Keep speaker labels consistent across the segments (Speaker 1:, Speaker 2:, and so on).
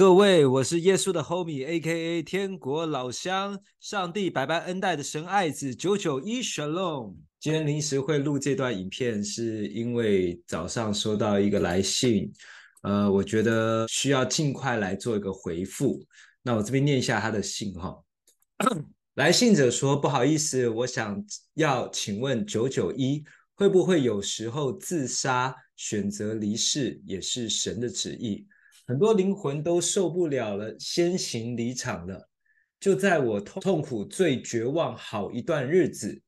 Speaker 1: 各位，我是耶穌的 homie，A.K.A. 天國老鄉，上帝白白恩待的神愛子九九一 shalom。今天臨時會錄這段影片，是因為早上收到一個來信，呃，我覺得需要盡快來做一個回復。那我這邊念一下他的信哈。 來信者說：“不好意思，我想要請問九九一，會不會有時候自殺選擇離世也是神的旨意？”很多靈魂都受不了了，先行離場了。就在我痛苦最絕望好一段日子，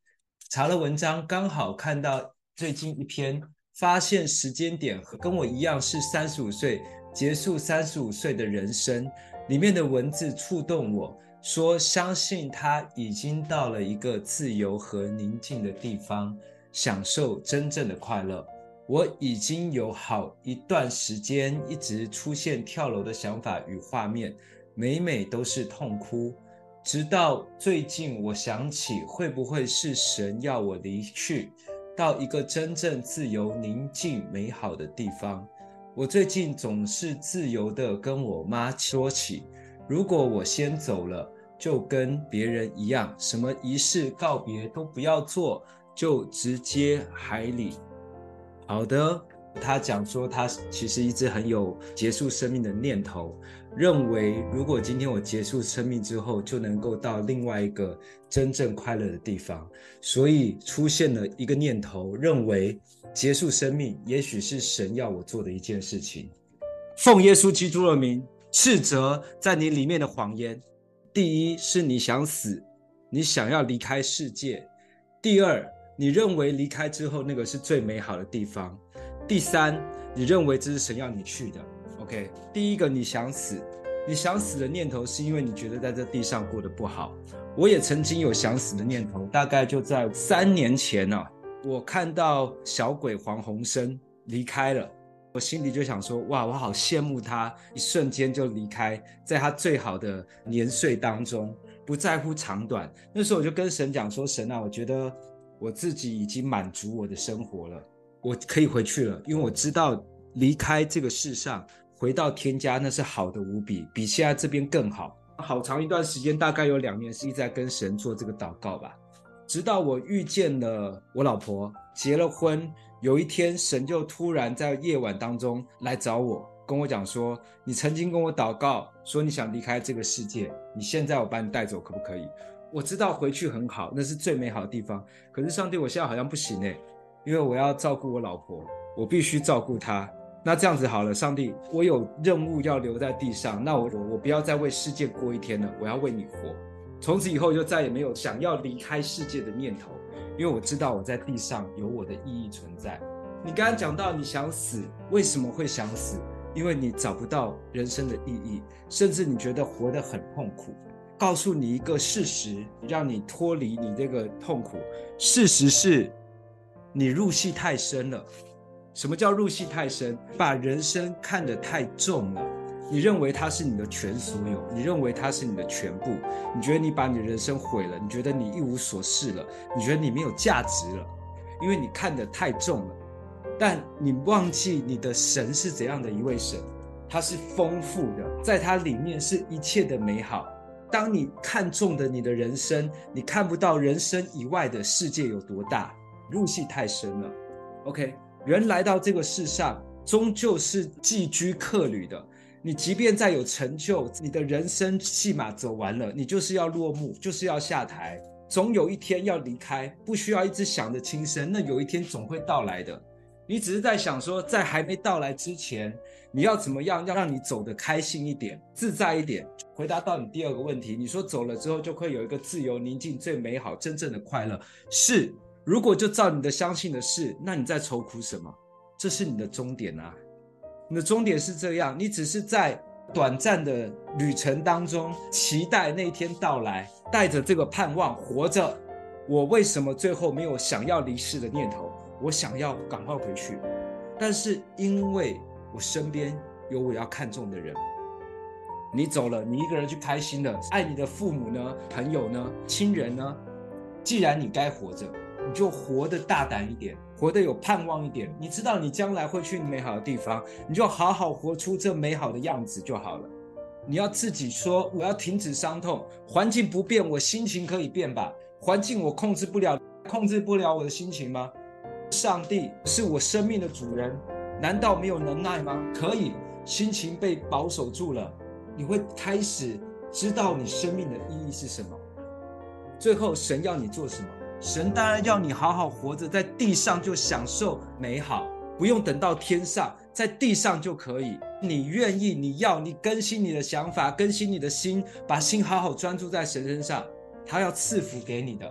Speaker 1: 查了文章，剛好看到最近一篇，發現時間點和跟我一樣是三十五歲，結束三十五歲的人生，裡面的文字觸動我，說相信他已經到了一個自由和寧靜的地方，享受真正的快樂。我已經有好一段時間一直出現跳樓的想法與畫面，每每都是痛哭。直到最近，我想起會不會是神要我離去，到一個真正自由、寧靜、美好的地方。我最近總是自由地跟我媽說起，如果我先走了，就跟別人一樣，什麼儀式告別都不要做，就直接海裡。好的，他講說，他其實一直很有結束生命的念頭，認為如果今天我結束生命之後，就能夠到另外一個真正快樂的地方，所以出現了一個念頭，認為結束生命也許是神要我做的一件事情。奉耶穌基督的名，斥責在你裡面的謊言。第一，是你想死，你想要離開世界；第二。你認為離開之後那個是最美好的地方？第三，你認為這是神要你去的？OK，第一個，你想死，你想死的念頭是因為你覺得在這地上過得不好。我也曾經有想死的念頭，大概就在三年前呢、啊。我看到小鬼黃鴻升離開了，我心裡就想說：哇，我好羨慕他，一瞬間就離開，在他最好的年歲當中，不在乎長短。那時候我就跟神講說：神啊，我覺得。我自己已經滿足我的生活了，我可以回去了，因為我知道離開這個世上，回到天家那是好的無比，比現在這邊更好。好長一段時間，大概有兩年，是一直在跟神做這個禱告吧，直到我遇見了我老婆，結了婚。有一天，神就突然在夜晚當中來找我，跟我講說：“你曾經跟我禱告，說你想離開這個世界，你現在我把你帶走，可不可以？”我知道回去很好，那是最美好的地方。可是上帝，我現在好像不行哎、欸，因為我要照顧我老婆，我必須照顧她。那這樣子好了，上帝，我有任務要留在地上，那我我不要再為世界過一天了，我要為你活。從此以後就再也沒有想要離開世界的念頭，因為我知道我在地上有我的意義存在。你剛剛講到你想死，為什麼會想死？因為你找不到人生的意義，甚至你覺得活得很痛苦。告訴你一個事實，讓你脫離你這個痛苦。事實是，你入戲太深了。什麼叫入戲太深？把人生看得太重了。你認為它是你的全所有，你認為它是你的全部。你覺得你把你的人生毀了，你覺得你一無所事了，你覺得你沒有價值了，因為你看得太重了。但你忘記你的神是怎樣的一位神，他是豐富的，在他裡面是一切的美好。當你看中的你的人生，你看不到人生以外的世界有多大，入戲太深了。OK，人來到這個世上，終究是寄居客旅的。你即便再有成就，你的人生戲碼走完了，你就是要落幕，就是要下台，總有一天要離開，不需要一直想着輕生，那有一天總會到來的。你只是在想說，在還沒到來之前，你要怎麼樣，要讓你走得開心一點，自在一點。回答到你第二個問題，你說走了之後就會有一個自由、寧靜、最美好、真正的快樂。是，如果就照你的相信的事，那你在愁苦什麼？這是你的終點啊！你的終點是這樣，你只是在短暫的旅程當中期待那一天到來，帶着這個盼望活着。我為什麼最後沒有想要離世的念頭？我想要趕快回去，但是因為我身邊有我要看重的人。你走了，你一個人去開心了。愛你的父母呢？朋友呢？親人呢？既然你該活着，你就活得大膽一點，活得有盼望一點。你知道你將來會去美好的地方，你就好好活出這美好的樣子就好了。你要自己說：“我要停止傷痛，環境不變，我心情可以變吧？環境我控制不了，控制不了我的心情嗎？上帝是我生命的主人，難道沒有能耐嗎？可以，心情被保守住了。”你會開始知道你生命的意義是什麼。最後，神要你做什麼？神當然要你好好活着，在地上就享受美好，不用等到天上，在地上就可以。你願意？你要？你更新你的想法，更新你的心，把心好好專注在神身上，他要賜福給你的，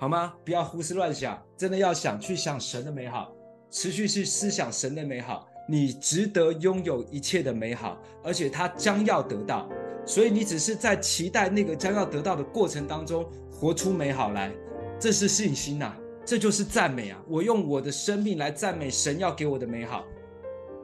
Speaker 1: 好嗎？不要胡思亂想，真的要想去想神的美好，持續去思想神的美好。你值得擁有一切的美好，而且他將要得到，所以你只是在期待那個將要得到的過程當中活出美好來，這是信心吶，啊，這就是讚美啊！我用我的生命來讚美神要給我的美好，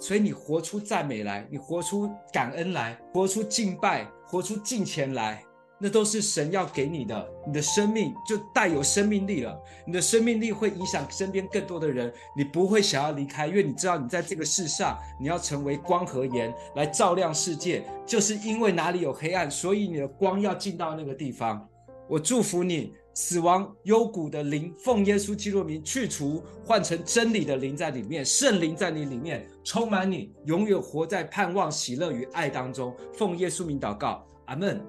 Speaker 1: 所以你活出讚美來，你活出感恩來，活出敬拜，活出敬虔來。那都是神要給你的，你的生命就帶有生命力了。你的生命力會影響身邊更多的人，你不會想要離開，因為你知道你在這個世上，你要成為光和鹽來照亮世界。就是因為哪裡有黑暗，所以你的光要進到那個地方。我祝福你，死亡幽谷的靈，奉耶穌基督名去除，換成真理的靈在裡面，聖靈在你裡面充滿你，永遠活在盼望、喜樂與愛當中。奉耶穌名禱告，阿門。